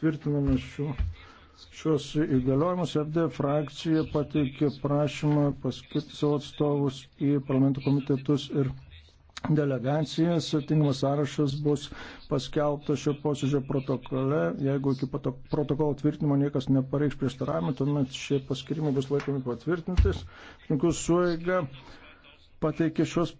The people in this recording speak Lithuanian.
tvirtiname šiuo, šios įgaliojimus. FD frakcija pateikė prašymą paskirti savo atstovus į parlamento komitetus ir delegacijas. Tinkamas sąrašas bus paskelbtas šio posėdžio protokole. Jeigu iki protokolo tvirtinimo niekas nepareikš prieštaravimą, tuomet šie paskirimai bus laikomi patvirtintis. Sunkus suėga pateikė šios.